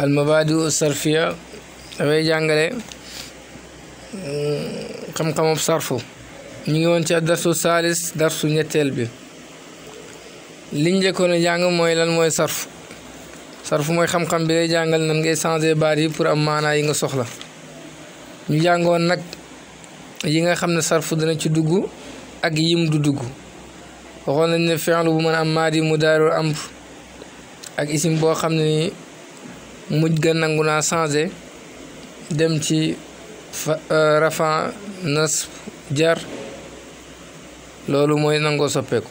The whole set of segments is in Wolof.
al mabaadiu sarfiya dafay jàngale mm, xam-xamam sarfu ñu ngi woon ci darsu saalis darsu ñetteel bi liñ njëkkoon jàng mooy lan mooy sarfu sarfu mooy xam-xam bi lay jàngal nan ngay changer baat yi pour am maanaa yi nga soxla ñu jàngoon nag yi nga xam ne sarfu dana ci dugg ak yim du dugg waxoon nañ ne fi'lu bu mën am maadi mudaari amr ak isim boo xam ne ni muj gën nangu naa changé dem ci euh, rafa nas jar loolu mooy nangoo soppeeku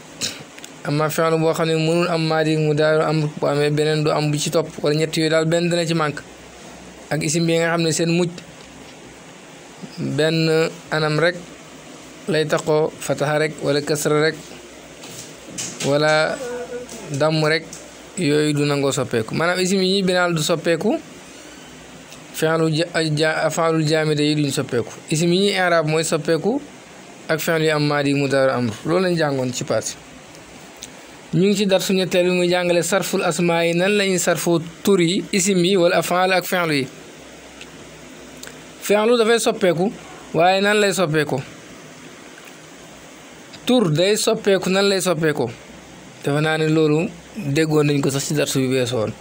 amma fi'lu boo xam ne mënul am maadi mu daal am bu amee beneen du am bu ci topp wala ñett yu daal benn dana ci manque ak isim bi nga xam ne seen anam rek lay taxoo fataxa rek wala kasra rek wala damm rek yooyu du nangoo soppeeku maanaam isim yi ñuy binaal du soppeeku fenlu ja fenlul jaamide yi duñ soppeeku isim yi ñuy inrab mooy soppeeku ak fenlu yi am maadi mu daaru amr loolu lañ jàngoon ci paas ñu ngi ci dar su ñetteel bi muy jàngale sarful asmaa yi nan lañuy sarfoo tur yi isim yi wala afaal ak fenlu yi fenlu dafay soppeeku waaye nan lay soppeeku tur day soppeeku nan lay soppeekoo defe naa ne loolu déggoon nañ ko sax ci darsu bi weesoon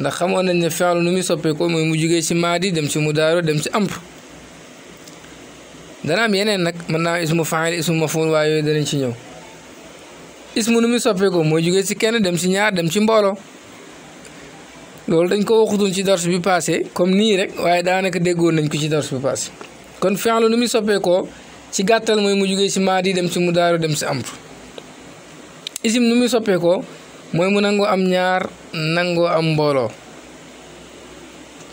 ndax xamoon nañ ne fi'lu nu muy soppeekoo mooy mu jugee ci maadi dem ci mudaaro dem ci amr dana yeneen nag mën naa am ismu faa'il ismu maf'uul waaye danañ ci ñëw ismu nu muy soppeekoo mooy jugee ci kenn dem ci ñaar dem ci mbooloo loolu dañ ko waxutoon ci darsu bi passé comme nii rek waaye daanaka déggoon nañ ko ci darsu bi passé kon fi'lu nu muy soppeekoo ci gàttal mooy mu jugee ci di dem ci mudaaro dem ci amp ism nu muy soppeekoo mooy mu nangoo am ñaar nangoo am mbooloo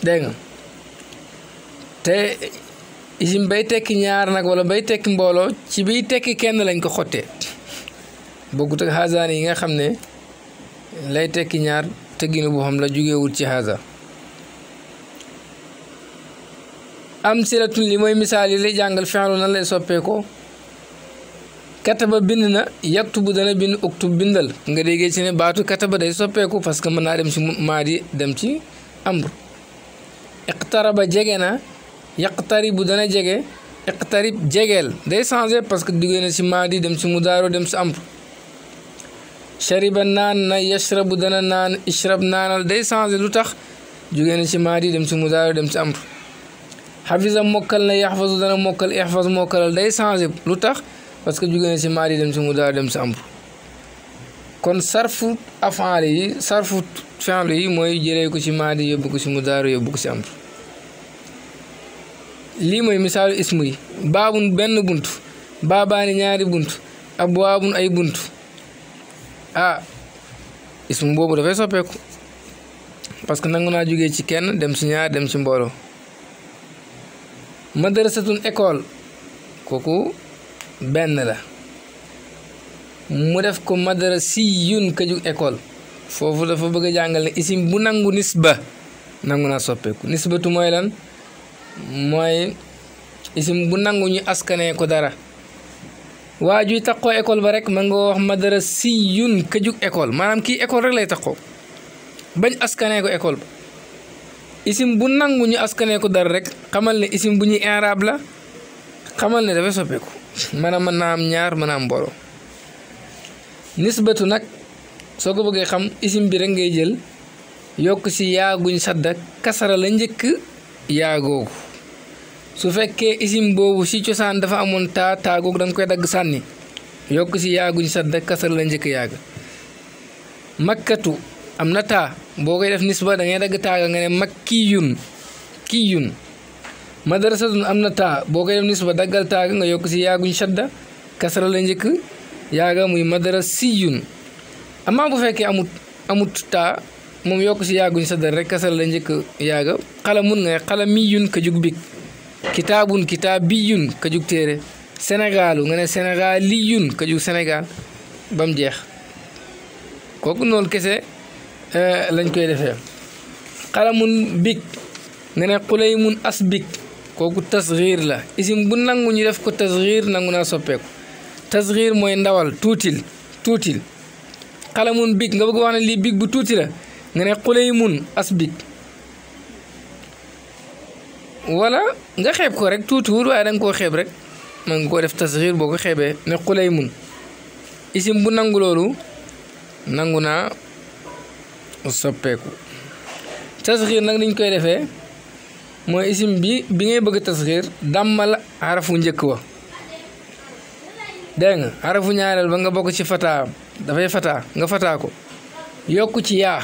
dégg nga te isim bay tekki ñaar nag walla bay tekki mbooloo ci biy tekki kenn lañ ko xottee bokku ak xaasaan yi nga xam ne lay tekki ñaar tegginu boo xam la jógeewul ci xaasa am siratun li mooy misaal yi lay jàngal fexlu nan lay soppee kataba bind na yaktubu dana bind uktub bindal nga déggee ci ne baatu kataba day soppeeku parce que mën naa dem ci maadi dem ci amr iqtaraba jege na yaqtaribu dana jege iqtarib jegeel day changé parce que duggee na ci maadi dem ci mudaaro dem ci amr shariba naan na yashrabu dana naan ishrab naanal day changé lu tax jugee na ci maadi dem ci mudaaro dem ci amr xafisa mokkal na yaxfasu dana mokkal ixfas mokkalal day changé lu tax parce que jóge na si maadi dem si mudaari dem si amr kon sarfu afaal yi sarfu fi'l yi mooy jëlee ko si maadi yóbbu ko si mudaari yóbbu ko si amr lii mooy misaalu ismu yi baabun benn bunt baabaani ñaari bunt ak abwaabun ay bunt ah ismu boobu dafay soppeeku parce que nangu naa jóge ci kenn dem si ñaar dem si mbooloo madrasatun école kooku benn la mu def ko madrasiyun ka juk école foofu dafa bëgg a jàngal ne isim bu nangu nisba nangu naa soppeeku nisbatu mooy lan mooy isim bu nangu ñu askanee ko dara waa juy taxoo école ba rek ma nga wax madrasiyun ka juk école maanaam kii école rek lay taxoo bañ askanee ko école isim bu nangu ñu askanee ko dara rek xamal ne isim bu ñuy inraab la xamal ne dafa soppeeku manam manam ñaar manam boro nisbatu nak soko ko xam isim bi rek ngay jël yok ci yaaguñ sadda kasara la ñëk yaago su fekke isim bobu ci ciosan dafa amon ta ta gog dang koy dag sanni yok ci yaaguñ sadda kasara la ñëk yaaga makkatu amna ta bo def nisba da ngay taaga nga ne makkiyun kiyun madrasatun am na taa boo koy def nisba daggal taa nga yokk si yaaguñ shadda kasara la njëkk yaaga muy madrasiyun amaa bu fekkee amut amut taa moom yokk si yaaguñ shadda rek kasara la njëkk yaaga xalamun nga xalamiyun ka jug bik kitaabun kitaabiyun ka jug téere sénégalu nga ne sénégaliyun ka jug sénégal ba mu jeex kooku noonu kese eh, lañ koy defee xalamun bik nga ne xulay mun as bik kooku tasxiir la isim bu nangu ñu def ko tasxiir nangu naa soppeeku tasxiir mooy ndawal tuutil tuutil xalamun big nga bëgg wax ne lii big bu tuuti la nga ne xulaymun as big wala nga xeeb ko rek tuutiwul waaye da nga koo xeeb rek man nga koo def tasxiir boo ko xeebee ne mun isim bu nangu loolu nangu naa soppeeku tasxiir nag niñ koy defee mooy isim bi bi ngay bëgg tasxiir dàmmal xarafu njëkk wa dégg nga ñaareel ba nga bokk ci fataa dafay fataa nga fataa ko yokk ci yaa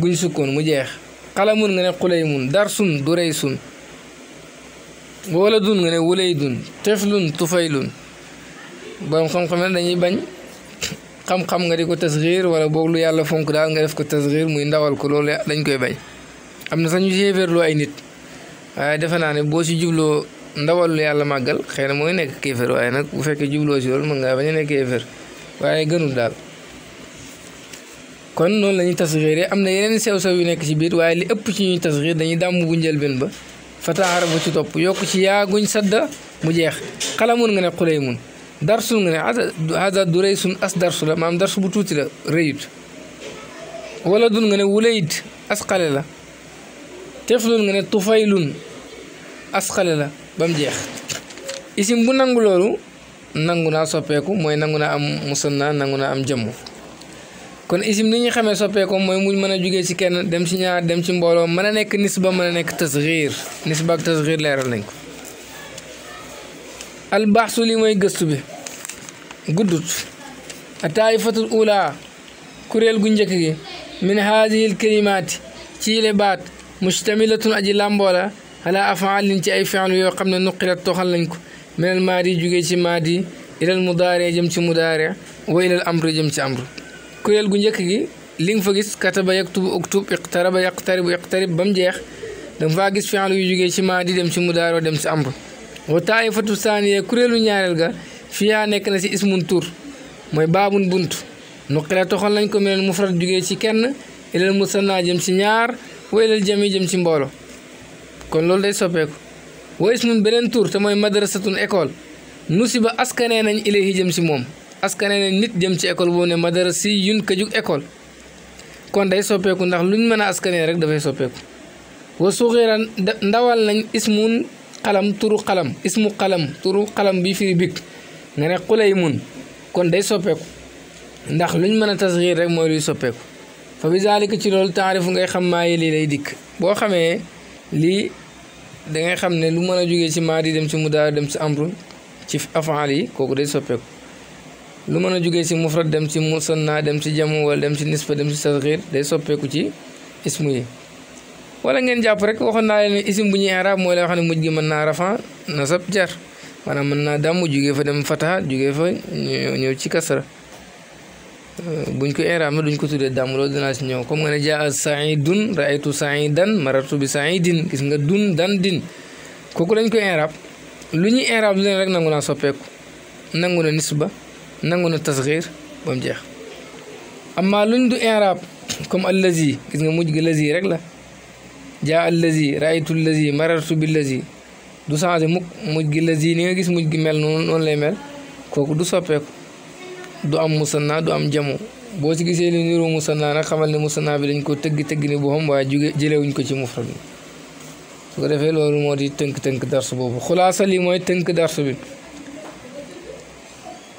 guñ sukkoon mu jeex xalamun nga ne xulaymun darsun duraysun wala dun nga ne wulay dun teflun tufaylun borom xam-xam ne dañuy bañ xam-xam nga di ko tasxiir wala boog lu yàlla fonk daal nga def ko tasxiir muy ndawal ko loolu dañ koy bañ am sañu sax ñu ay nit waaye defe naa ne boo si jubloo ndawal yàlla màggal xëy na mooy nekk kéefér waaye nag bu fekkee jubloo si loolu mën ngaa bañ a nekk kéefér waaye gënul daal kon noonu la ñuy tasxiir am na yeneen sew-sew yu nekk ci biir waaye li ëpp ci ñuy tasxiir dañuy dàmm bu njëlbeen ba fataaxara bu ci topp yokk ci yaaguñ sadda mu jeex xalamun nga ne xulay mun darsun nga ne hada du rëy sun as darsu la maam darsu bu tuuti la rëyut wala dun nga ne wulayit as la teflun nga ne tufaylun asxale la ba mu jeex isim bu nangu loolu nangu naa soppeeku mooy nangu naa am musanna nangu naa am jëmm kon isim ni ñu xamee soppeekoo mooy mu mën a jugee ci kenn dem ci ñaar dem ci mbooloo mën a nekk nisba mën a nekk tasxiir nisba ak tasxiir leeral nañ ko albaaxsu li mooy gëstu bi guddut a taaifatul ula kuréel gu njëkk gi min haadihi alkalimaati ci le baat mustamilatun aji làmboo la ala afaalin ci ay fi'lu yoo xam ne nuqilat toxal nañ ko minal maadi jugee ci maadi ilal mudaare jëm ci mudaare wa ilal amru jëm ci amru kuréel gu njëkk gi li nga fa gis kataba yaktubu uktub iqtaraba yaqtaribu iqtarib ba mu jeex danga faa gis fi'lu yu jóge ci maadi dem ci mudaare dem ci amru wa taifatu saaniya kuréelu ñaareel ga fiyaa nekk na ci ismun tur mooy baabun bunt nuqilat toxal nañ ko minal mufrad jugee ci kenn ilal musanna jëm ci ñaar waylal jami jëm ci mboolo kon loolu day soppeeku wa ismun beneen tur te mooy madrasatun école nusiba askanee nañ ilayhi jëm ci moom askanee nañ nit jëm ci école boobu ne madrasi yun ka jug école kon day soppeeku ndax luñ mën a askanee rek dafay soppeeku wa suxiran ndawal nañ ismu xalam turu xalam ismu xalam turu xalam bi firi bik nga ne xulay mun kon day soppeeku ndax luñ mën a tas tasxiir rek mooy luy soppeeku fa bi zalika ci loolu taarifu ngay xam maa yi lii lay dikk boo xamee lii da ngay xam ne lu mën a jógee ci maadi dem ci mudaar dem ci amru ci afaal yi kooku day soppeeku lu mën a jóge ci mufrad dem ci musanna dem ci jamu wala dem ci nisba dem ci day soppeeku ci ismu yi walla ngeen jàpp rek waxoon naa leen isim bu ñuy arab mooy la xam ne mujj gi mën naa rafa nasab jar maanaam mën naa damm jóge fa dem fataha jógee fa ñëw ci kasra bu buñ ko iraam duñ ko tuddee daam loolu dinaa si ñëw comme nga ne jaa saidun raaytu saidan marartu bi saidin gis nga dun dan din kooku lañ ko iraam lu ñuy iraam lu rek nangu naa soppeeku nangu na nisba nangu na tasxiir ba mu jeex amma luñ du iraam comme allazi gis nga mujj gi lazi rek la jaa allazi raaytu lazi marartu bi du changé mukk mujj gi lazi ni nga gis mujj gi mel noonu noonu lay mel kooku du soppeeku du am musanna du am jamu bo ci gisee lu niro musanna nag xamal ni musanna bi dañ ko tëgg tëgg ni bu xam waaye jele wuñ ko ci mufrad su ko defee loolu moo di tënk-tënk darsu boobu xulaasa li mooy tënk dars bi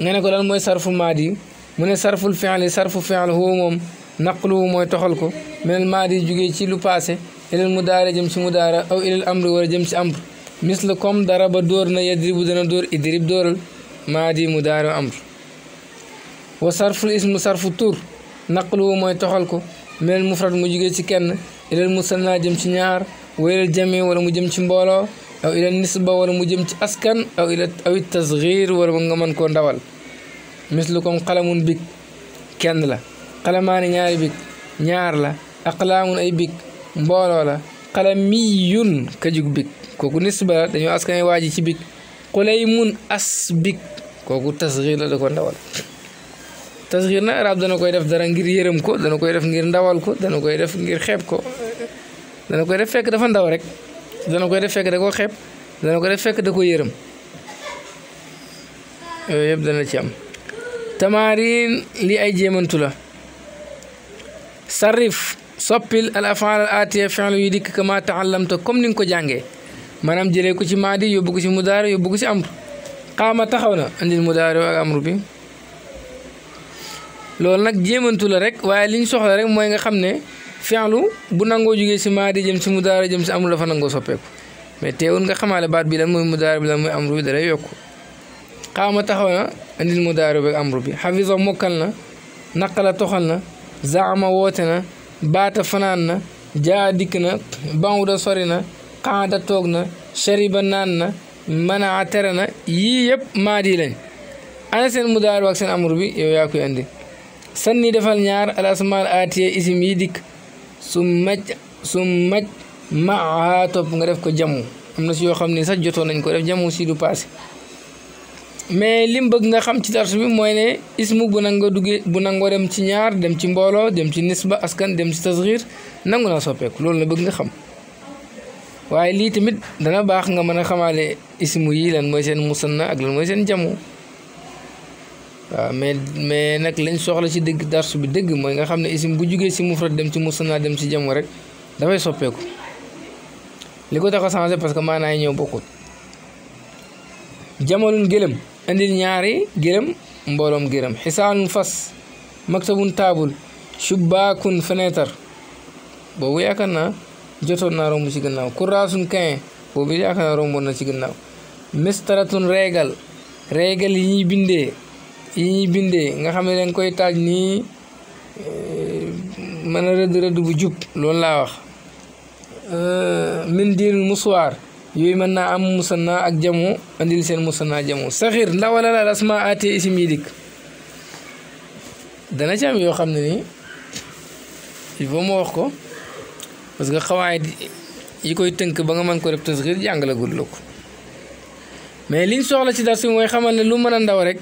nga ne ko lan mooy sarfu maadi mu ne sarful fi'li sarfu fi'l hu moom naqlu mooy toxal ko minal maadi jógee ci lu passé ilal mudaara jëm ci mudaara aw ilal amr wala jëm si amr misle comme daraba dóor na yadribu dana dóor idrib dóoral maadi mudaara amr wa sarful ismu sarfu tur naqluhu mooy toxal ko minal mufrad mu jugee ci kenn ilal musanna jëm ci ñaar wa ilal jami wala mu jëm ci mbooloo aw ilal nisba wala mu jëm ci askan aw ila aw it tasgir wala mu nga mën koo ndawal mislu comme xalamun big kenn la xalamaani ñaari big ñaar la aqlaamun ay big mbooloo la xalamiyun kajug big kooku nisba la dañu askan waaji ci big xulay mun as big kooku tasgir la da ko ndawal tasxiir na arab dana koy def dara ngir yërëm ko dana koy def ngir ndawal ko dana koy def ngir xeeb ko dana koy def fekk dafa ndaw rek dana koy def fekk da koo xeeb dana koy def fekk da ko yërëm yooyu yëpp dana ci am tamarin li ay jéemantu la sarrif soppil al afaal al aatiya fi'lu yu dikk kama taallamta comme ni nga ko jàngee maanaam jëlee ko ci maadi yóbbu ko ci mudaari yóbbu ko ci amru qaama taxaw na andil mudaari ak amru bi loolu nag jéemantu la rek waaye li soxla rek mooy nga xam ne fi'lu bu nangoo jógee si maadi jëm si mudaara jëm si amru dafa soppeeku mais teewul nga xamaale bi lan mooy mudaara bi lan mooy amru bi dalay yokku xaama taxaw na andil mudaara bi ak amru bi xafisa mokkal na naqala toxal na zaama woote na baata fanaan na jaa dikk na banwuda sori na xaada toog na shariba naan na manaa tere na yii yëpp maadi lañ ana seen mudaara bi ak seen amru bi yow yaa andi sanni defal ñaar al asmaal isim yi dikk su maj su maj maa topp nga def ko jamu am na si yoo xam ne sax jotoon nañ ko def jamu si du passé mais lim bëgg nga xam ci darsu bi mooy ne ismu bu nangoo duggee bu nangoo dem ci ñaar dem ci mbooloo dem ci nisba askan dem ci tasgir nangu naa soppeeku loolu la bëgg nga xam waaye lii tamit dana baax nga mën a xamaale ismu yi lan mooy seen musanna ak lan mooy seen jamu waaw mais mais nag lañ soxla si dëgg darsu bi dëgg mooy nga xam ne isim bu jugee si mufrad dem ci naa dem ci jamo rek dafay soppeeku li ko tax a changé parce que maanaa ñëw bokkut jamalun gëlëm indil ñaari gëlëm mbooloom gëlëm xisaanun fas maktabun taabul shubbaakun fenêtre boobu yaakaar naa jotoon naa romb ci gannaaw kuraasun kañ boobu yaakaar naa romboon na ci gannaaw mistaratun reegal reegal yi yi bindee nga xam ne danga koy taaj nii eh, mën a rëdd rëdd bu jub loolu laa wax eh, min diirul musuwaar yooyu mën naa am musanna ak jamu andil seen musanna jamu saxir ndax wala la asma aatee isim yi dikk dana ci yoo xam ne nii il faut ma wax ko parce que xawaayit yi koy tënk ba nga mën ko def tasxir jàngale gudd la mais liñ soxla ci dar si mooy xamal ne lu mën a ndaw rek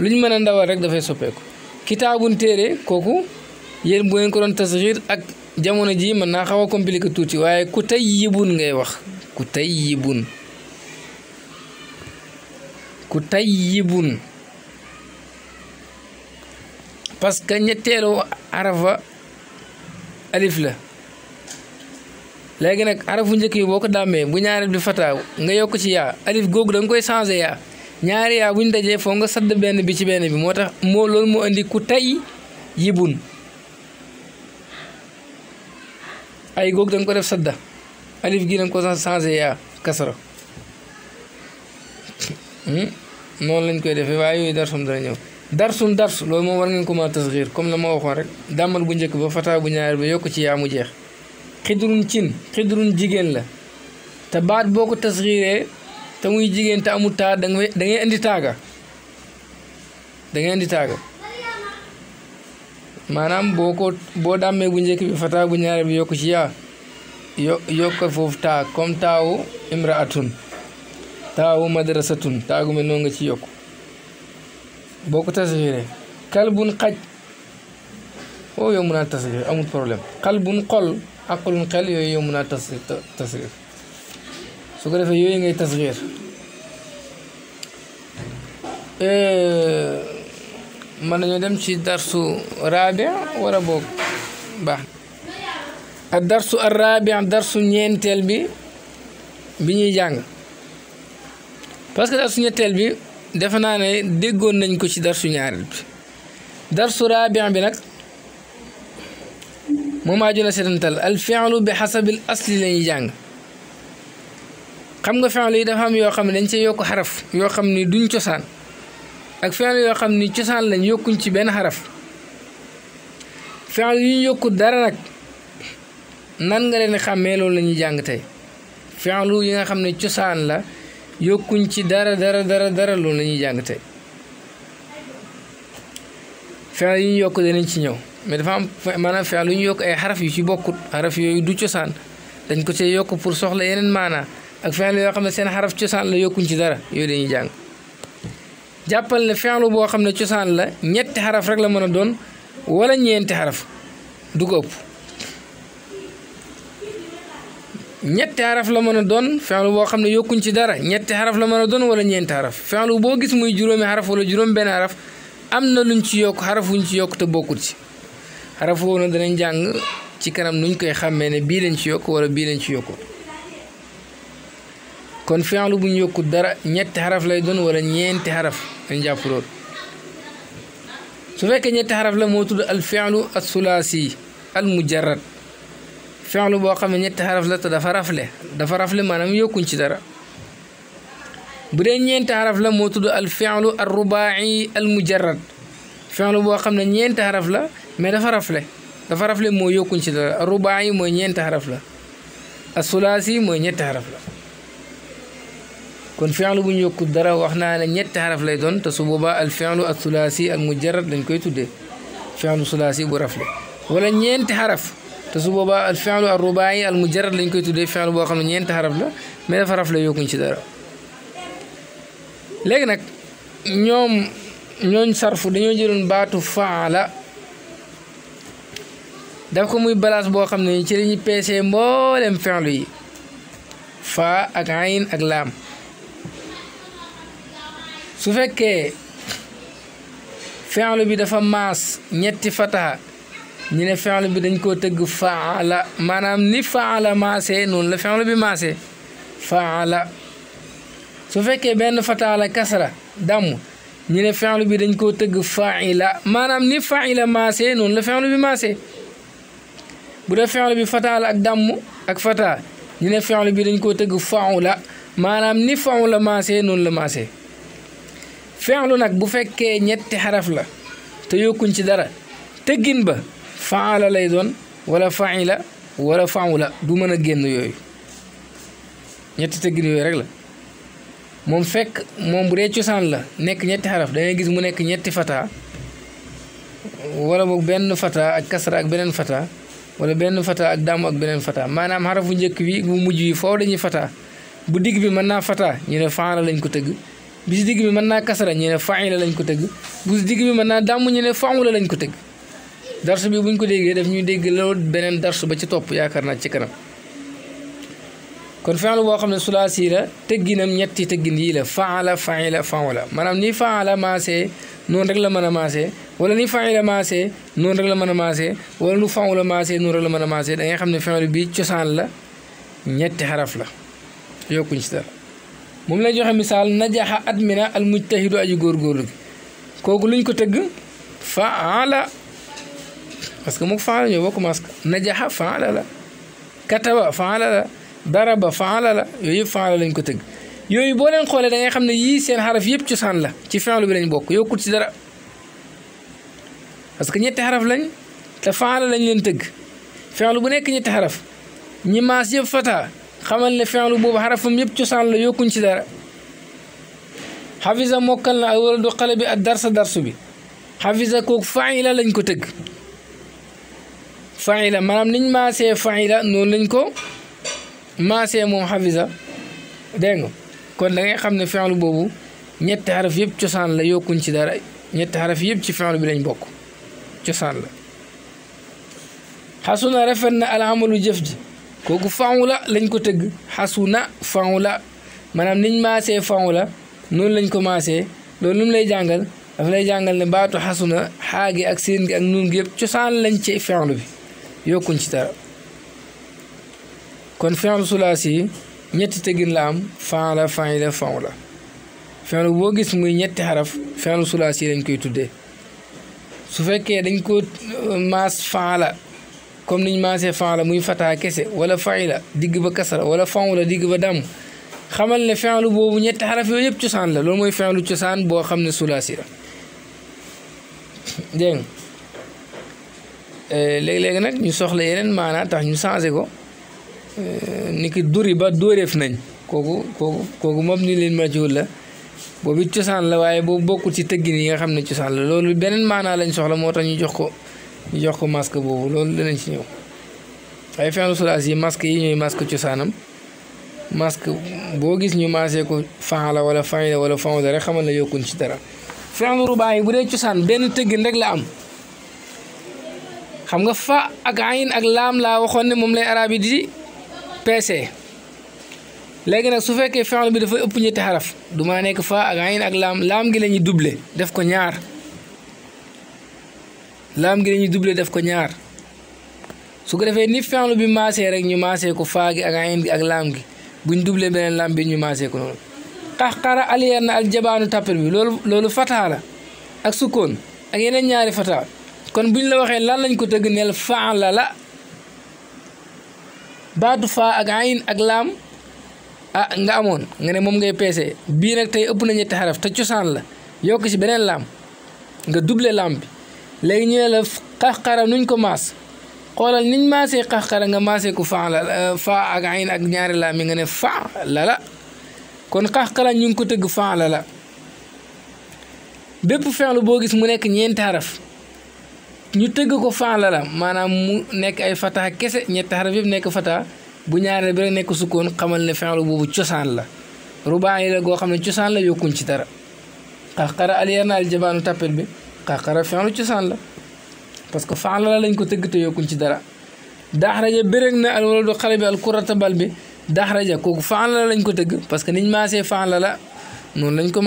lu ñu mën a ndawal rek dafay soppeeku kitaabun téere kooku yéen bu ngeen ko doon tasxiir ak jamono ji mën naa xaw a compliqué tuuti waaye ku tay yibun ngay wax ku tay yibun ku tay parce que ñetteelu arafa alif la léegi nag arafu njëkk yi boo ko dàmmee bu ñaareel bi fataaw nga yokk ci yaa alif googu danga koy changé yaa ñaari yaa bu ñu dajee foo nga sadd benn bi ci benn bi moo tax moo loolu moo indi ku tay yibun ay góog da ko def sadda alif gi da nga ko changé yaa kasara hmm? noonu lañ koy defee waaye yooyu darsum dana ñëw darsun darsu loolu moom war ngeen ko mën a tasxiir comme la ma waxoon rek dàmbal bu njëkk ba fataa bu ñaareel ba yokk ci yaa mu jeex xidrun cin xidrun jigéen la te baat boo ko tasxiiree te muy jigéen te amul taa da ngay indi taaga da ngay indi maanaam boo ko boo dàmmee bu njëkk bi fataa bu bi yokk ci yaa yokk foofu taa comme taawu imraatun taawu madrasatun taagu mel noonu nga ci yokk boo ko tasfiree kalbun xaj oo yow mun naa tasfir amul problème kalbun xol aqlun xel yooyu yow mun naa tasfir su ko defee yooyu ngay tasxiir mën nañoo dem ci darsu rabi wala boog baax ak darsu ar rabi darsu ñeenteel bi bi ñuy jàng parce que darsu ñetteel bi defe naa ne déggoon nañ ko ci darsu ñaareel bi darsu rabi bi nag moom aju na setantal al fi'lu bi xasabil asli la jàng xam nga fenlu yi dafa am yoo xam ne dañ cee yokk xaraf yoo xam ni duñ cosaan ak fenlu yoo xam ni cosaan lañ yokkuñ ci benn xaraf fenlu yu ñu dara nag nan nga leen xàmmee loolu la ñuy yi nga xam ne cosaan la yokkuñ ci dara dara dara dara loolu la jàng tey fenlu yi ñu yokk danañ ci ñëw mais dafa am manaa fenlu yu ñu yokk ay xaraf yu ci bokkut xaraf yooyu du cosaan dañ ko cee yokk pour soxla yeneen maanaa ak fenlu yoo xam ne seen xaraf cosaan la yokkuñ ci dara yooyu la jàng jàppal ne fenlu boo xam ne cosaan la ñetti xaraf rek la mën a doon wala ñeenti xaraf du ñetti xaraf la mën a doon fenlu boo xam ne yokkuñ ci dara ñetti xaraf la mën a doon wala ñeenti xaraf fenlu boo gis muy juróomi xaraf wala juróom benn xaraf am na luñ ci yokk xaraf wuñ ci yokk te bokkut ci xaraf woo na danañ jàng ci kanam nuñ koy xàmmee ne bii lañ ci yokk bii lañ ci yokku kon fi'lu bu ñu yokkut dara ñetti xaraf lay doon wala ñeenti xaraf lañ jàpp lool su fekkee ñetti xaraf la moo tudd al fi'lu al sulaasi al mujarrad fi'lu boo xam ne ñetti xaraf la te dafa rafle dafa rafle maanaam yokkuñ ci dara bu dee ñeenti xaraf la moo tudd al fi'lu al rubaai al mujarrad fi'lu boo xam ne ñeenti xaraf la mais dafa rafle dafa rafle moo yokkuñ ci dara al rubaai mooy ñeenti xaraf la al sulaasi mooy ñetti xaraf la كون فعل بو نيوك درا واخنا لا نيت حرف لاي دون تا سو بوبا الفعل الثلاثي المجرد دنج كوي تودي فعل ثلاثي بو رفلي ولا نينت حرف تا سو بوبا الفعل الرباعي المجرد دنج كوي تودي فعل بو خا نينت حرف لا مي دا فرف لا يوكن سي درا لغي نك نيوم نيون صرف دانيو جيرون باتو فعل دا كو موي بلاص بو خا ني سي لي ني بيسي مبولم فعل يي فا اك عين اك لام su fekkee fi'lu bi dafa maas ñetti fataha ñu ne fi'lu bi dañ koo tëgg faala maanaam ni faala maasee noonu la fi'lu bi maasee faala su fekkee benn fataha la kasra ñu ne fi'lu bi dañ koo tëgg faila maanaam ni faila maasee noonu la fi'lu bi maasee bu dee fi'lu bi fataha la ak dàmm ak fataha ñu ne fi'lu bi dañ koo tëgg la maanaam ni faula maasee noonu la maasee fi'lu nag bu fekkee ñetti xaraf la te yokkuñ ci dara tëggin ba faala lay doon wala faila wala la du mën a génn yooyu ñetti tëggin yooyu rek la moom fekk moom bu dee cosaan la nekk ñetti xaraf da gis mu nekk ñetti fata wala boog benn fata ak kasra ak beneen fata wala benn fata ak daamu ak beneen fata maanaam xarafu njëkk bi bu mujj yi foofu dañuy fata bu digg bi mën naa fata ñu ne faala lañ ko tëgg bi digg bi mën naa kasara ñu ne la lañ ko tëgg bu digg bi mën naa dàmm ñu ne faula lañ ko tëgg darsu bi buñ ko déggee daf ñuy dégg loolu beneen darsu ba ci topp yaakaar naa ci kanam kon fi'lu boo xam ne sulaasi la tëgginam ñetti tëggin yii la faala faila faula maanaam ni faala maasee noonu rek la mën a maasee wala ni faila maasee noonu rek la mën a maasee wala nu la maasee noonu rek la mën a maasee dangay xam ne fi'lu bi cosaan la ñetti xaraf la yokkuñ ci dara moom lay joxe misaal najaxa admina al mujtahidu aji góorgóorlu kooku luñ ko tëgg faala parce que moom faala ñoo bokk masque najaxa faala la kataba faala la daraba faala la yooyu yëpp faala lañ ko tëgg yooyu boo leen xoolee dangay xam ne yii seen xaraf yëpp cosaan la ci fi'lu bi lañ bokk yokkut ci dara parce que ñetti xaraf lañ te faala lañ leen tëgg fi'lu bu nekk ñetti xaraf ñi maas yëpp fataa xamal ne fi'lu boobu xarafam yëpp cosaan la yokkuñ ci dara xafisa mokkal na alwaladu xale bi ak darsa darsu bi xafisa kooku faila lañ ko tëgg faila maanaam niñ maasee faila noonu lañ ko maasee moom xafisa dégg nga kon da xam ne fi'lu boobu ñetti xaraf yëpp cosaan la yokkuñ ci dara ñetti xaraf yëpp ci fi'lu bi lañu bokk cosaan la xasuna rafet na alamalu jëf ji kooku fanu la lañ ko tëgg xasuna fanu la maanaam niñ maasee fanu la noonu lañ ko maasee loolu lu lay jàngal dafa lay jàngal ne baatu xasuna xaagi ak seen gi ak nuun gi yëpp cosaan lañ ci fenlu bi yokkuñ ci dara kon fenlu sulaas yi ñetti tëggin la am fan la fan yi la fanu la fenlu boo gis muy ñetti xaraf fenlu sulaas yi lañ koy tuddee su fekkee dañ ko euh, maas fan la comme niñ maasee faala muy fata kessé wala faila digg ba kasra wala faula digg ba dam xamal ne fenlu boobu ñetti xaraf yooyu yëpp cosaan la lool moy fenlu cosaan boo xam ne sulaasi la euh leg leg nak ñu soxla yenen mana tax ñu changer ko ni ki duri ba dóoreef nañ kogu kogu kogu mom ni leen majhul la boobu cosaan la waye bo bokku ci teggini nga xamne ne cosaan la lool benen mana lañ soxla mo tax ñu jox ko ñu jox ko masque boobu loolu dinañ ci ñëw ay fenlu sulaas yi masque yi ñuy masque cosaanam masque boo gis ñu maasee ko la wala faala wala faala rek xamal na yokkuñ ci dara fenlu rubaa yi bu dee cosaan benn tëggin rek la am xam nga fa ak ayin ak laam laa waxoon ne moom lay arab yi di peese léegi nag su fekkee fenlu bi dafa ëpp ñetti xaraf du maa nekk fa ak ayin ak laam laam gi la ñuy doublé def ko ñaar laam gi dañuy duble def ko ñaar su ko defee ni fenlu bi maasee rek ñu maasee ko faagi ak ayn gi ak laam gi buñ doublé beneen laam bi ñu maasee ko noonu qaxqara aliyer na aljabaanu tàppal bi loolu loolu fataa la ak sukkoon ak yeneen ñaari fataa kon buñ la waxee lan lañ ko tëgg neel faala la baatu faa ak ayn ak laam ah nga amoon nga ne moom ngay peese bii nag tey ëpp na ñetti xaraf te cosaan la yokk ci beneen laam nga duble laam bi léegi ñu ne la qaxqara nuñ ko maas xoolal niñ maasee qaxqara nga maasee ko fa la fa ak ayn ak ñaari laa mi nga ne fa la la kon qaxqara ñu ngi ko tëgg fa la la bépp fenlu boo gis mu nekk ñeenti xaraf ñu tëgg ko fa la la maanaam mu nekk ay fataha kese ñetti xaraf yëpp nekk fataha bu ñaareel bi rek nekk sukkoon xamal ne fenlu boobu cosaan la rubaa yi la goo xam ne cosaan la yokkuñ ci dara qaxqara al yarna al jabaanu tappel bi xaqara fi'lu cosaan la parce que faala lañ ko tëgg te yokkuñ ci dara daxraja béréeg na al waladu lañ ko tëgg parce que niñ maasee faala la noonu lañ ko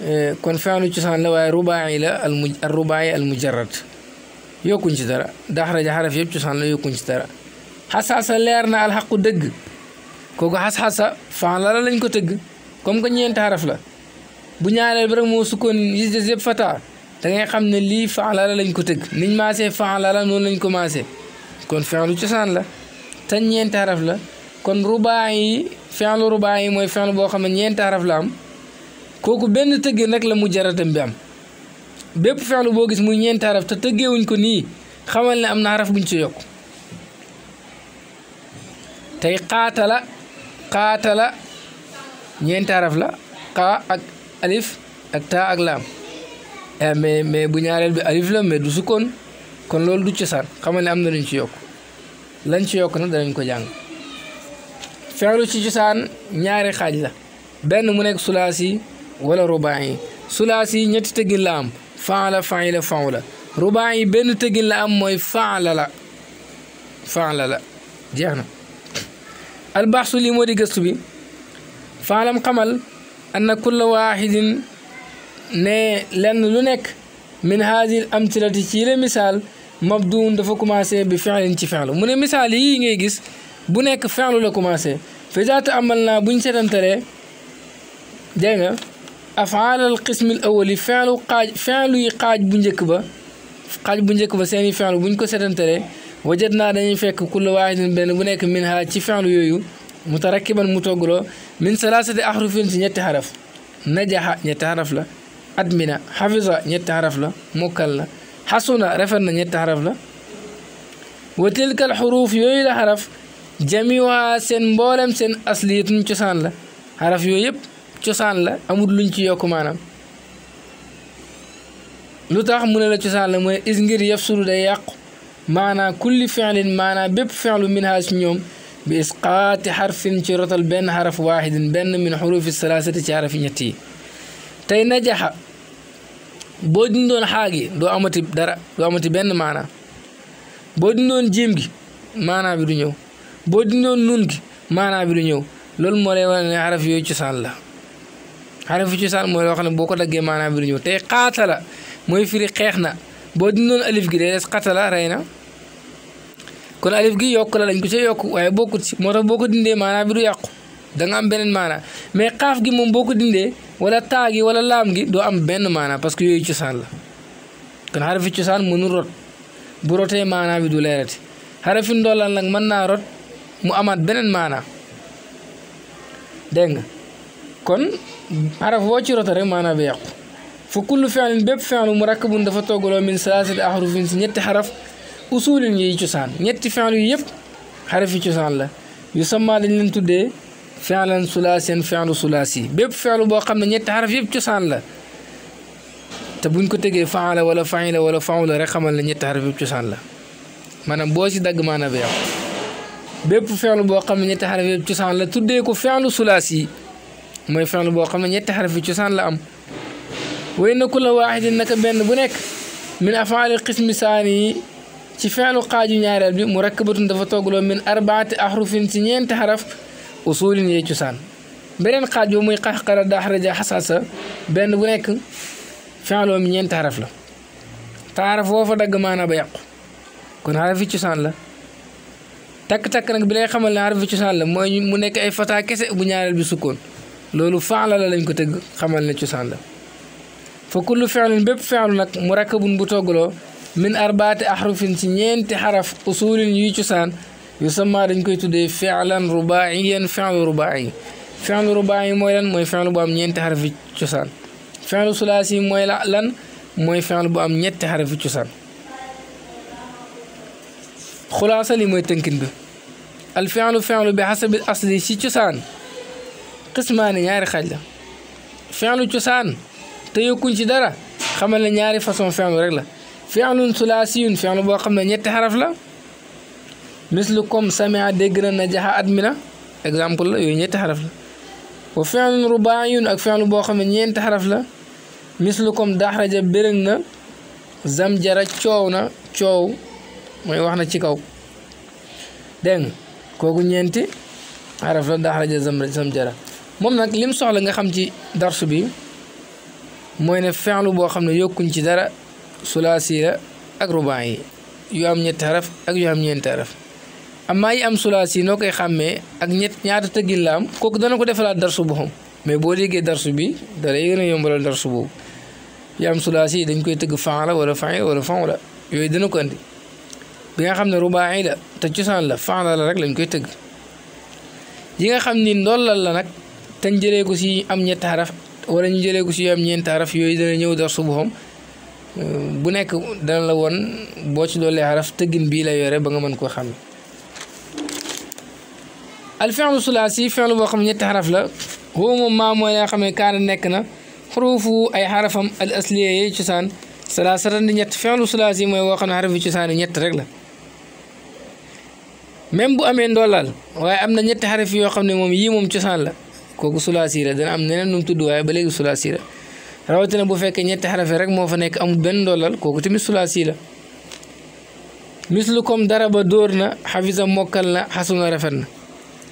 eh, kon fi'lu cosaan la waaye rubaayi la al mu al rubaayi al mujarrad yokkuñ ci dara daxraja xaraf yëpp cosaan la yokkuñ ci dara xasaasa leer na alxaqu dëgg kooku xas-xasa faala la lañ ko tëgg comme que ñeenti xaraf la. bu ñaareel ba rek moo sukkoon yi des yëpp fata da ngay xam ne lii faalala lañ ko tëgg niñ maasee faalala noonu lañ commencé kon fenlu cosaan la te ñeenti araf la kon rubaa yi fenlu rubaa mooy fenlu boo xam ne ñeenti araf la am kooku benn tëggin rek la mu jaratam bi am bépp fenlu boo gis muy ñeenti araf te tëggeewuñ ko nii xamal ne am na araf buñ ci yokk tey xaatala xaatala ñeenti araf la xaa ak alif ak taa ak laam eh, mais mais bu ñaareel bi alif la mais du sukkoon kon loolu du cosaan xamal ne am na luñ ci yokk lañ ci yokk nag danañ ko jàng feelu ci cosaan ñaari xaaj la benn mu nekk sulaasi wala rubaa yi sulaasi ñetti tëggin la am faala faila faula rubaa yi benn tëggin la am mooy faala la faala la jeex na albaxsu li moo di gëstu bi faalam xamal أن كل واحد ني لن لنك من هذه الأمثلة تشيل مثال مبدون دفو كماسي بفعل انتفعل من مثال يي نجي جس بنك فعل لكماسي فإذا تأملنا بنشتن ترى دينا أفعال القسم الأول فعل قاج فعل يقاج بنجكبا قاج بنجكبا سامي فعل بنكو سرنتري وجدنا أن فك كل واحد بين بنك منها تفعل يو متركبا متوغلو من ثلاثة أحرف نيت حرف نجح نيت حرف لا أدمنا حفظ نيت حرف لا مكلا حسن رفرنا نيت حرف لا وتلك الحروف يوي حرف جميعها سن بولم سن اصلي تشسان لا حرف يويب يب تشسان لا أمود لنشي يوكو مانام لوتاخ مون لا ne لا cosaan la mooy دا يق معنى كل فعل معنى maanaa فعل منها maanaa bépp bi isqaati xarfin ci rotal benn xaraf waaxidin benn min xurufi salaasati ci xarafi ñett yi tey najaxa boo dindoon xaa gi doo amati dara doo amati benn maana boo dindoon jiim gi maana bi du ñëw boo dindoon nun gi maana bi du ñëw loolu moo lay wane ne xaraf yooyu cosaan la xaraf yu cosaan mooy loo xam ne boo ko daggee maana bi du ñëw tey xaatala mooy firi xeex na boo dindoon alif gi day des xatala rey na kon alif gi yokk la dañ ko see yokk waaye bokkut si moo tax boo ko dindee maanaa bi du yàqu danga am beneen maanaa mais xaaf gi moom boo ko dindee wala taa gi wala laam gi doo am benn maanaa parce que yooyu cosaan la kon xarafi cosaan mënul rot bu rotee maanaa bi du leerati xarafi ndollaan nag mën naa rot mu amaat beneen maanaa dégg nga kon xaraf woo ci rota rek maanaa bi yàqu fu kullu fi'lin bépp fi'lu murakkabun dafa toggaloo min salaasati ahrufin si ñetti usulin yuy cosaan ñetti fi'l yu yëpp xarafi cosaan la yu sama dañ leen tuddee fi'lan sulaasiyyan fi'lu sulaasi bépp fi'l boo xam ne ñetti xaraf yëpp cosaan la te buñ ko tegee faala wala faila wala faula rek xamal ne ñetti xaraf cosaan la maanaam boo si dagg maana bi bépp fi'l boo xam ne ñetti xaraf yëpp cosaan la tuddee ko fi'lu sulaasi mooy fi'l boo xam ne ñetti xaraf cosaan la am way na kulla waahidin naka benn bu nekk min afaali qismi saani ci feelu xaaju ñaareel bi mu rakkabatun dafa toggaloo min arbaati ahrufin ci ñeenti xaraf usulin yee cosaan beneen xaaj ba muy xaxqara daxraja xasaasa benn bu nekk feeloo ñeenti xaraf la taaraf woo fa dagg ba yàqu kon xarafi cosaan la takk-takk nag bi lay xamal ne xarafi cosaan la mooy mu nekk ay fataa kese bu ñaareel bi sukkoon loolu faala la lañ ko tëgg xamal ne cosaan la fa kullu feelun bépp feelu nag mu rakkabun bu toggaloo من أربعة أحرف سنين تحرف أصول يوتيوسان يسمى رنكو تدي فعلا رباعيا فعل رباعي فعل رباعي مويلان موي فعل بام نين تحرف يوتيوسان فعل سلاسي مويلا لن موي فعل بام نين تحرف يوتيوسان خلاصة لموي تنكين الفعل فعل بحسب الأصل يوتيوسان قسمان ياري خلا فعل يوتيوسان تيو كنش دارا خمال نياري فاسم فعل رجلا fi'lun sulaasiyun fi'l boo xam ne ñetti xaraf la mislu comme samia dégg na najaxa admina exemple la yooyu ñetti xaraf la wa fi'lun rubaayun ak fi'l boo xam ne ñeenti xaraf la mislu comme daxraja bérëng na jara coow na coow mooy wax na ci kaw dégg kooku ñeenti xaraf la daxraja zamjara moom nag lim soxla nga xam ci darsu bi mooy ne fi'l boo xam ne yokkuñ ci dara sulaasi la ak rubaa yi yu am ñetti xaraf ak yu am ñeenti xaraf amaa yi am sulaasi noo koy xàmmee ak ñett ñaata tëggin la am kooku dana ko defalaat darsu boppam mais boo déggee darsu bi da lay gën a yombalal boobu yu am sulaasi dañ koy tëgg fan la wala fan wala fan la yooyu dana ko andi bi nga xam ne rubaa yi la te cosaan la fan la rek lañ koy tëgg yi nga xam ni ndollal la nag te ñu jëlee ko si am ñetti xaraf wala ñu jëlee ko si am ñeenti yooyu dana ñëw darsu boppam bu nekk dana la woon boo ci doolee xaraf tëggin bii la yore ba nga mën koo xam al fi'lu sulaasi fi'lu boo xam ñetti xaraf la huwa moom xam ne kaana nekk na xurufu ay xarafam al asliya yi cosaan salaasatan di ñett fi'lu sulaasi mooy woo xam ne xaraf yi rek la même bu amee ndollal waaye am na ñetti xaraf yoo xam ne moom yii moom cosaan la kooku sulaasi la dana am neneen nu tudd waaye ba léegi sulaasi la rawatina bu fekkee ñetti xarafe rek moo fa nekk amul benn ndollal kooku tamit sulaasi la mislu comme dara ba dóor na xafisa mokkal na xasuna rafet na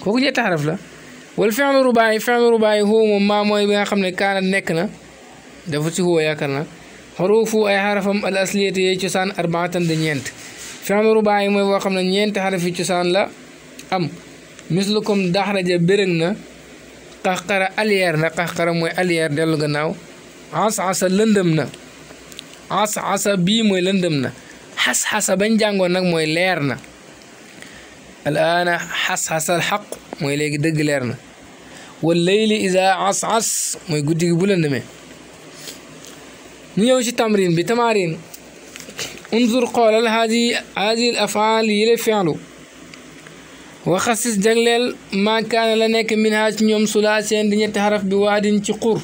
kooku ñetti xaraf la wala fi'lu rubaayi fi'lu rubaayi nga xam ne kaana nekk na dafa na xuruufu ay xarafam al asliyati cosaan arbaatan de ñeent fi'lu rubaayi mooy boo xam ne ñeenti xarafi cosaan la am mislu comme daxraja bërëg na qaxqara aliyeer na qaxqara mooy aliyeer dellu gannaaw عصعص lëndëm na عصعص bii mooy lëndëm na xasxasa bañ jàngoon nag mooy leer na alaana xasxasa alxaq mooy léegi dëgg leer na wallayli ida عصعص mooy guddi gi bu lëndëmee ñu ñëw ci tamrin bi tamarin انظر xoolal هذه هذه الأفعال yi la fi'lu waxasis jagleel maa kaana la nekk min haa ci ñoom sulaaseen di ñetti xaraf bi waadin ci xur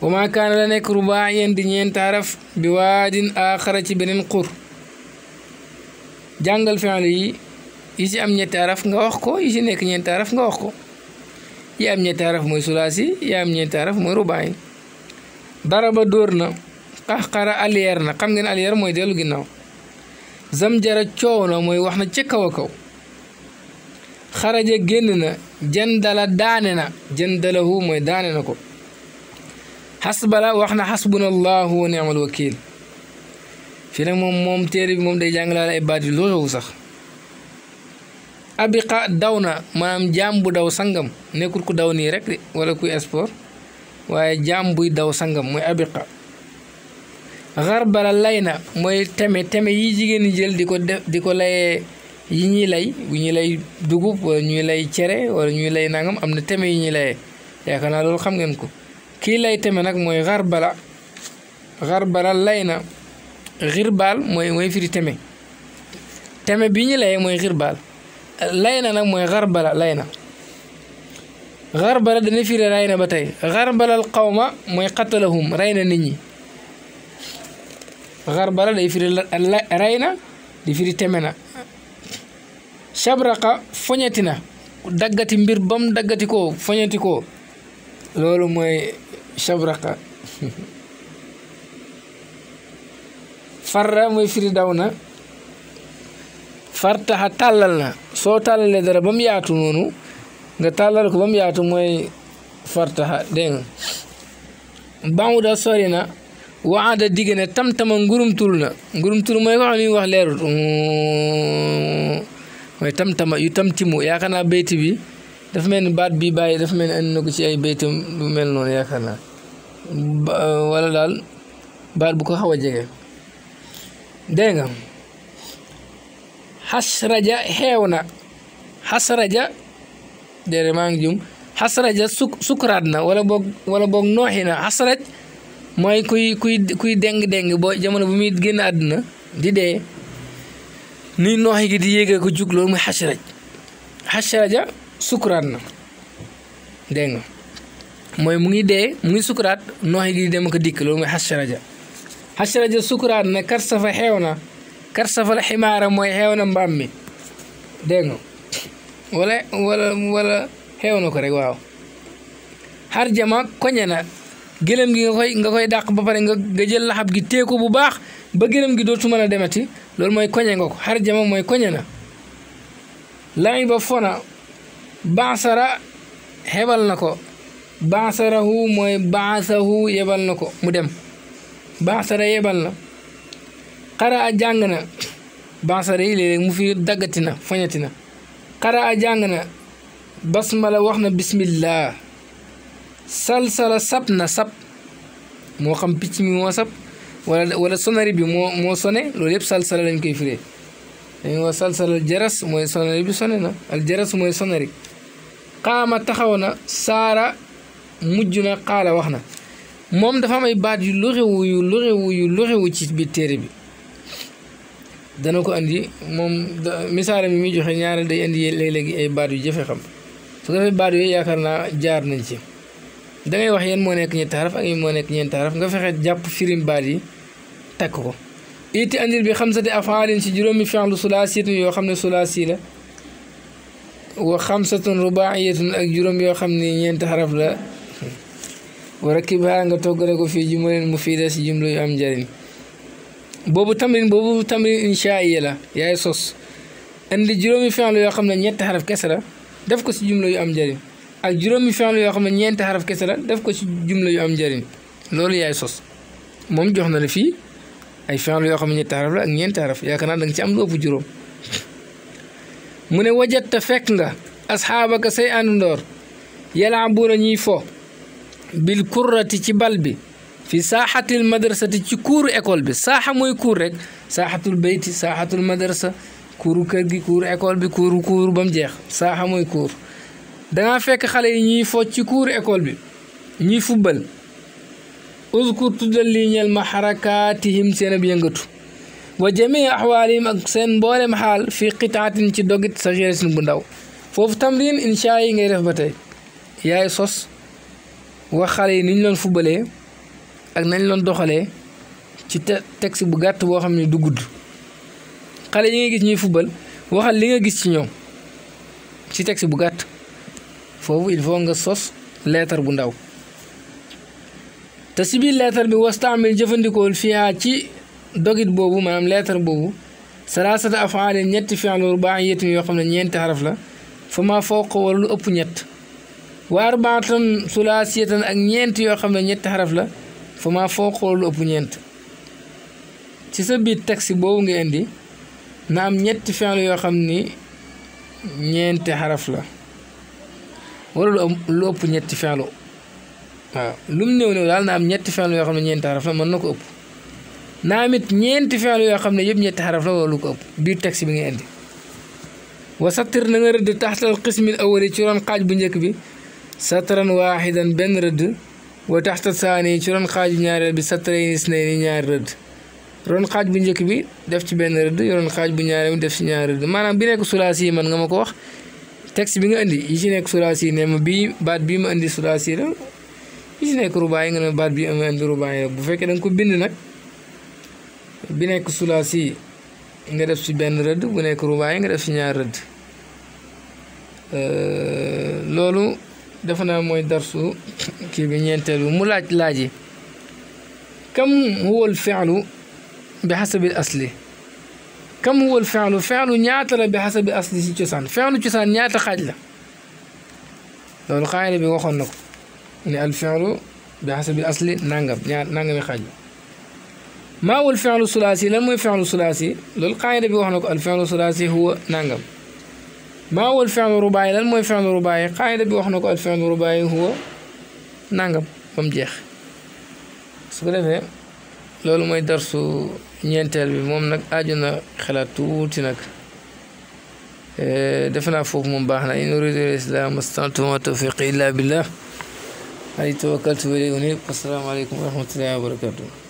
wa maa kaana la nekk rubaayan di ñeent araf bi waadin aaxara ci beneen xur jàngal fi'il yi yi ci am ñetti araf nga wax ko yi ci nekk ñeenti araf nga wax ko yi am ñetti araf mooy sulaasi yi am ñeenti araf mooy rubaayin daraba dóor na qaxqara aliyeer na xam ngeen aliyeer mooy dellu ginnaaw zamjara coow na mooy wax na ca kaw a kaw xaraja génn na jëndala daane na jëndalahu mooy daane na ko xasbala wax na xasbunallahu wa ni'mal wakiil fii nag moom moom téere bi moom day jàngalaale ay baat yu loolu sax abiqa daw na maanaam jaam bu daw sangam nekkul ku daw nii rek de wala kuy sport waaye jaam buy daw sangam mooy abiqa xarbala lay na mooy teme teme yi jigéen ñi jël di ko def di ko layee yi ñuy lay bu ñu lay dugub wala ñuy lay cere wala ñuy lay nangam am na teme yi ñuy layee yaakaar naa loolu xam ngeen ko كي لا يتم نك موي غربلا غربلا لينا غربال موي موي فيري تمي تمي بي ني لاي موي غربال لينا نك موي غربلا لينا غربلا دني في راينا باتاي غربلا القوم موي قتلهم راينا نيت ني غربلا دي في راينا دي في تمنا شبرقه فنيتنا دغاتي مبير بام دغاتي كو فنيتي كو لولو موي shabraqa farra mooy firi daw na fartaxa tàllal na soo tàllalee dara ba mu yaatu noonu nga tàllal ko ba mu yaatu mooy fartaxa dégg nga bawuda sori na waada digg ne tam-tama ngurumtul na ngurumtul mooy wax mi wax leerut mooy tam-tama yu tamtimu yaakaar naa bayti bi dafa mel ni baat bi bàyyi dafa mel ni andi na ko ci ay baytam lu mel noonu yaakaar naa euh, wala daal baat bu ko xaw a jege dégg nga xasraja xeew na xasraja déedéet maa ngi jum xasraja suk na wala boog wala na xasraj mooy kuy kuy kuy deng-deng boo jamono bu muy génn àdduna di dee ni nooxi gi di yéegee ko jug muy xasraj xasraja sukuraat na dégg nga mooy mu ngi dee mu ngi sukuraat nooxe gi dem ko dikk loolu mooy xasaraja xasaraja sukuraat na karsafa xeew na karsafal ximaara mooy xew na mbaam mi dégg nga wala wala wala na ko rek waaw xar jama koñe na gëlëm gi nga koy nga koy dàq ba pare nga nga jël laxab gi teeku bu baax ba gëlëm gi dootu mën a demati loolu mooy koñe nga ko xar jama mooy koñe na lami ba fona baasara xebal na ko baasarahu mooy baasahu yebal na ko mu dem baasara yebal na kara a jàng na baasara yi léeg mu fi daggati na foñeti na xara a jàng na basmala wax na bismillah salsala sab na sab moo xam picc mi moo sab wala wala sonari bi moo moo sone loolu yëpp salsala lañ koy firee dañuy wax salsala aljaras mooy sonari bi sone na aljaras mooy sonari qaama taxaw na saara mujj na qaala wax na moom dafa am ay baat yu luxiwu yu luxiwu yu luxiwu ci biir téere bi dana ko indi moom misaala mi muy joxe ñaareel day andi léeg-léegi ay baat yu jafe xam su ko defee baat yooyu yaakaar naa jaar nañ ci da ngay wax yéen moo nekk ñetti xaraf ak yéen moo nekk ñeenti xaraf nga fexe jàpp firim baat yi takk ko. iti andil bi xam xamsati afaalin ci juróomi fi'lu sulaasi yoo xam ne sii la. وخمسة رباعية أجرم يا خمني ين تحرف لا وركبها عن توقرك في جملة مفيدة في جملة أمجرين بوبو تمرين بوبو تمرين إن شاء الله يا يسوس أن الجرم يفعل لا يا خمني ين تحرف كسرة دفكو في جملة أمجرين الجرم يفعل لا يا خمني ين تحرف كسرة دفكو في جملة أمجرين لولي يا يسوس مم لفي أي فعل لا يا خمني تحرف لا ين تحرف يا كنا دنقش أملو بجرم mu ne wajat fekk nga asxaabaka say àndandoor yalaabuuna ñuy fo bil kurrati ci bal bi fi saaxatil madrasati ci kuuru école bi saaxa mooy kuur rek saaxatul bayti saaxatul madrasa kuuru kër gi kuuru école bi kuuru kuuru ba mu jeex saaxa mooy kuur dangaa fekk xale yi ñuy fo ci kuuru école bi ñuy fubbal uzkur tuddal lii ñel ma seen ab yëngatu wa jamii axwaalihim ak seen mboolem xaal fii qitaatin ci sa saxiiratin bu ndaw foofu tamrin insha yi ngay def ba tey yaay sos wax xale yi niñ loon fubalee ak nañ loon doxalee ci texte bu gàtt boo xam ne du gudd xale yi nga gis ñuy fubal waxal li nga gis ci ñoom ci texte bu gàtt foofu il faut nga sos leetar bu ndaw te si leetar bi wastaamil jëfandikool fiyaa ci dogit boobu maanaam lettre boobu salaasata afaalin ñetti fi'lu rubaa'iyatin yoo xam ne ñeenti xaraf la fa ma lu ëpp ñett wa arbaatan sulaasiyatan ak ñeent yoo xam ne ñetti xaraf la fa ma ñeent ci sa biir taxi boobu nga indi na am ñetti fi'lu yoo xam ni ñeenti xaraf la wala lu ëpp ñetti fi'lu waaw lu néew néew daal na am ñetti fi'lu yoo xam ne ñeenti xaraf la mën na ko ëpp naa mit ñeenti fi'il yoo xam ne yëpp ñetti xaraf la wala lu ko ëpp biir texte bi nga indi wa sattir na nga rëdd taxtal qismil awali ci xaaj bu njëkk bi satran waaxidan benn rëdd wa taxta saani ci ron xaaj bu ñaareel bi satrayn isnayni ñaari rëdd ron xaaj bu njëkk bi def ci benn rëdd ron xaaj bu ñaareel bi def ci ñaari rëdd maanaam bi nekk sulaasi yi man nga ma ko wax texte bi nga indi yi ci nekk sulaasi yi ne ma bii baat bii ma indi sulaasi la yi ci nekk rubaay nga ne baat bii ma indi rubaay la bu fekkee da ko bind nag bi nekk sulaasi nga def ci benn rëdd bu nekk rubaay nga def ci ñaar rëdd loolu dafa naa mooy darsu kii bi ñeenteel bi mu laaj laaji kam huwa al fi'lu bi xasabi asli kam huwa al fi'lu fi'lu ñaata la bi xasabi asli ci cosaan fi'lu cosaan ñaata xaaj la loolu xaayida bi waxoon na ko ne al fi'lu bi xasabi asli nangam ñaar nangami xaaj la ما هو الفعل الثلاثي لم يفعل الثلاثي للقاعده بيوحنك الفعل الثلاثي هو نانغم ما هو الفعل الرباعي لم يفعل الرباعي قاعده بيوحنك الفعل الرباعي هو نانغم بام جيخ سبله في لول موي درسو نينتال بي موم نك اجنا خلات توتي نك ا دفنا فوق مون باخنا ان اريد الاسلام استنتم توفيق الا بالله اي توكلت بالله السلام عليكم ورحمه الله وبركاته